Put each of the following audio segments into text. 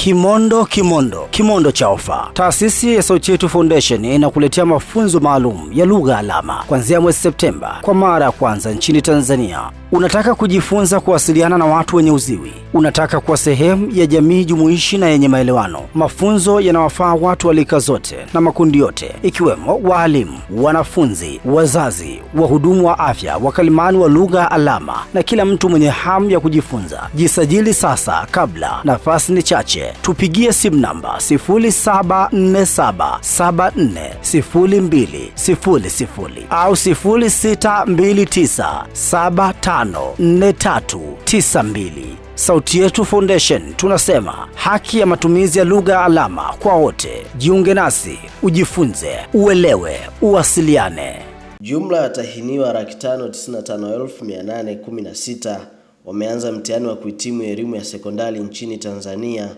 Kimondo Kimondo Kimondo cha ofa. Taasisi ya Sauti Yetu Foundation inakuletea mafunzo maalum ya lugha alama kuanzia mwezi Septemba kwa mara ya kwanza nchini Tanzania. Unataka kujifunza kuwasiliana na watu wenye uziwi? Unataka kuwa sehemu ya jamii jumuishi na yenye maelewano? Mafunzo yanawafaa watu wa lika zote na makundi yote, ikiwemo waalimu, wanafunzi, wazazi, wahudumu wa afya, wakalimani wa lugha alama na kila mtu mwenye hamu ya kujifunza. Jisajili sasa kabla nafasi ni chache tupigie simu namba 0747740200 au 0629754392. Sauti Yetu Foundation tunasema haki ya matumizi ya lugha ya alama kwa wote. Jiunge nasi ujifunze, uelewe, uwasiliane. Jumla ya watahiniwa laki tano tisini na tano elfu mia nane kumi na sita wameanza mtihani wa kuhitimu elimu ya sekondari nchini Tanzania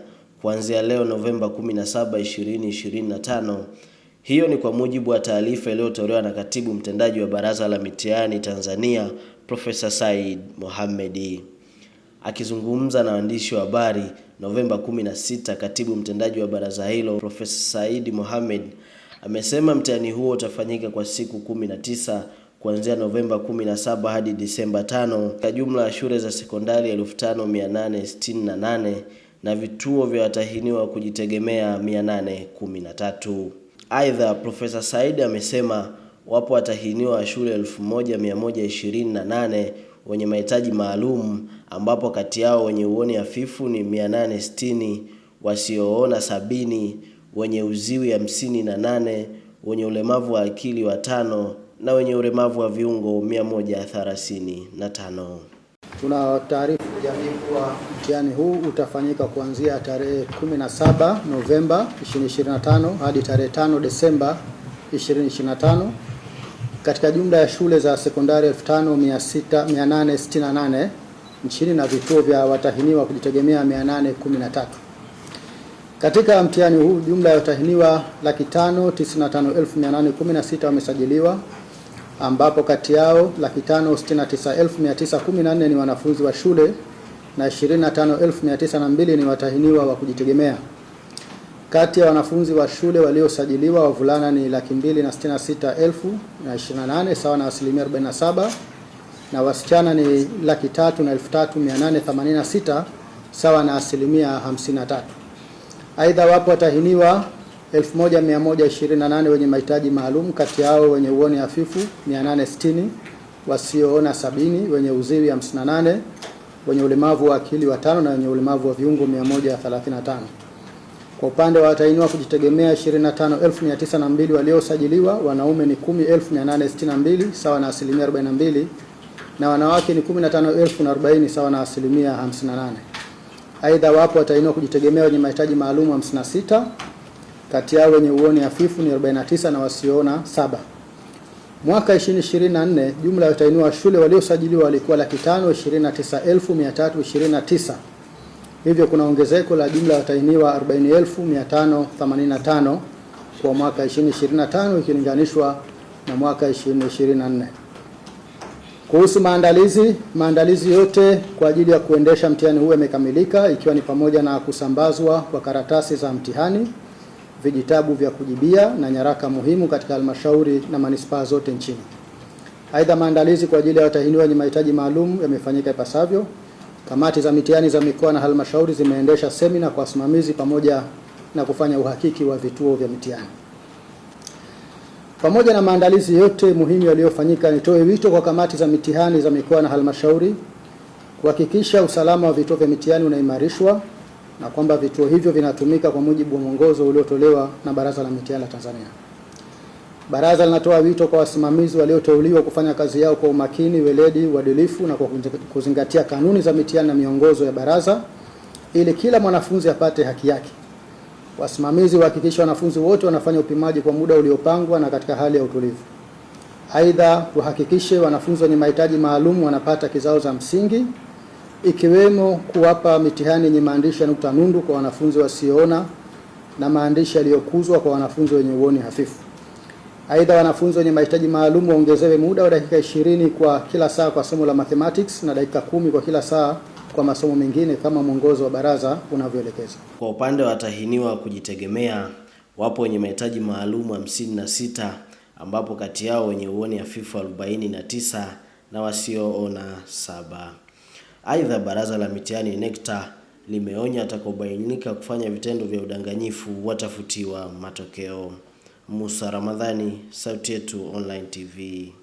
kuanzia leo Novemba 17, 2025. Hiyo ni kwa mujibu wa taarifa iliyotolewa na Katibu Mtendaji wa Baraza la Mitihani Tanzania, Profesa Said Mohamed. Akizungumza na waandishi wa habari Novemba 16, Katibu Mtendaji wa Baraza hilo, Profesa Said Mohamed amesema mtihani huo utafanyika kwa siku 19 kuanzia Novemba 17 hadi Disemba 5 kwa jumla ya shule za sekondari 5868 na vituo vya watahiniwa kujitegemea 813. Aidha, Profesa Said amesema wapo watahiniwa wa shule 1128 wenye mahitaji maalum ambapo kati yao wenye uoni hafifu ni 860, wasioona sabini, wenye uziwi hamsini na nane, wenye ulemavu wa akili watano na wenye ulemavu wa viungo 135. Tuna taarifu jamii kuwa mtihani huu utafanyika kuanzia tarehe 17 Novemba 2025 hadi tarehe 5 Desemba 2025 katika jumla ya shule za sekondari 5868 nchini na vituo vya watahiniwa kujitegemea 813. Katika mtihani huu jumla ya watahiniwa 595,816 wamesajiliwa ambapo kati yao laki 569914 ni wanafunzi wa shule na 25,902 ni watahiniwa wa kujitegemea. Kati ya wanafunzi wa shule waliosajiliwa wavulana ni laki mbili na sawa na asilimia 47, na wasichana ni laki tatu na sawa na asilimia 53. Aidha, wapo watahiniwa 1128 wenye mahitaji maalum, kati yao wenye uoni hafifu 860, wasioona sabini, wenye uziwi 58, wenye ulemavu wa akili watano na wenye ulemavu wa viungo 135. Kwa upande wa watahiniwa kujitegemea 25902 waliosajiliwa, wanaume ni 10862 sawa na asilimia 42 na wanawake ni 15040 sawa na asilimia 58. Aidha, wapo watahiniwa kujitegemea wenye mahitaji maalum 56 kati yao wenye uoni hafifu ni 49 na wasioona saba. Mwaka 2024 jumla ya watahiniwa wa shule waliosajiliwa walikuwa laki 529329 Hivyo kuna ongezeko la jumla ya watahiniwa 40,585 kwa mwaka 2025 ikilinganishwa na mwaka 2024. Kuhusu maandalizi, maandalizi yote kwa ajili ya kuendesha mtihani huu yamekamilika ikiwa ni pamoja na kusambazwa kwa karatasi za mtihani vijitabu vya kujibia na nyaraka muhimu katika halmashauri na manispaa zote nchini. Aidha, maandalizi kwa ajili ya watahiniwa wenye mahitaji maalum yamefanyika ipasavyo. Kamati za mitihani za mikoa na halmashauri zimeendesha semina kwa wasimamizi pamoja na kufanya uhakiki wa vituo vya mitihani. Pamoja na maandalizi yote muhimu yaliyofanyika, nitoe wito kwa kamati za mitihani za mikoa na halmashauri kuhakikisha usalama wa vituo vya mitihani unaimarishwa na kwamba vituo hivyo vinatumika kwa mujibu wa mwongozo uliotolewa na Baraza la Mitihani la Tanzania. Baraza linatoa wito kwa wasimamizi walioteuliwa kufanya kazi yao kwa umakini, weledi, uadilifu na kwa kuzingatia kanuni za mitihani na miongozo ya baraza ili kila mwanafunzi apate haki yake. Wasimamizi wahakikisha wanafunzi wote wanafanya upimaji kwa muda uliopangwa na katika hali ya utulivu. Aidha, wahakikishe wanafunzi wenye mahitaji maalum wanapata kizao za msingi ikiwemo kuwapa mitihani yenye maandishi ya nukta nundu kwa wanafunzi wasioona na maandishi yaliyokuzwa kwa wanafunzi wenye uoni hafifu. Aidha, wanafunzi wenye mahitaji maalum waongezewe muda wa dakika 20 kwa kila saa kwa somo la mathematics na dakika kumi kwa kila saa kwa masomo mengine kama mwongozo wa baraza unavyoelekeza. Kwa upande wa watahiniwa kujitegemea, wapo wenye mahitaji maalum 56 ambapo kati yao wenye uoni hafifu 49 na wasioona saba. Aidha, baraza la mitihani NECTA limeonya atakobainika kufanya vitendo vya udanganyifu watafutiwa matokeo. Musa Ramadhani, Sauti Yetu Online TV.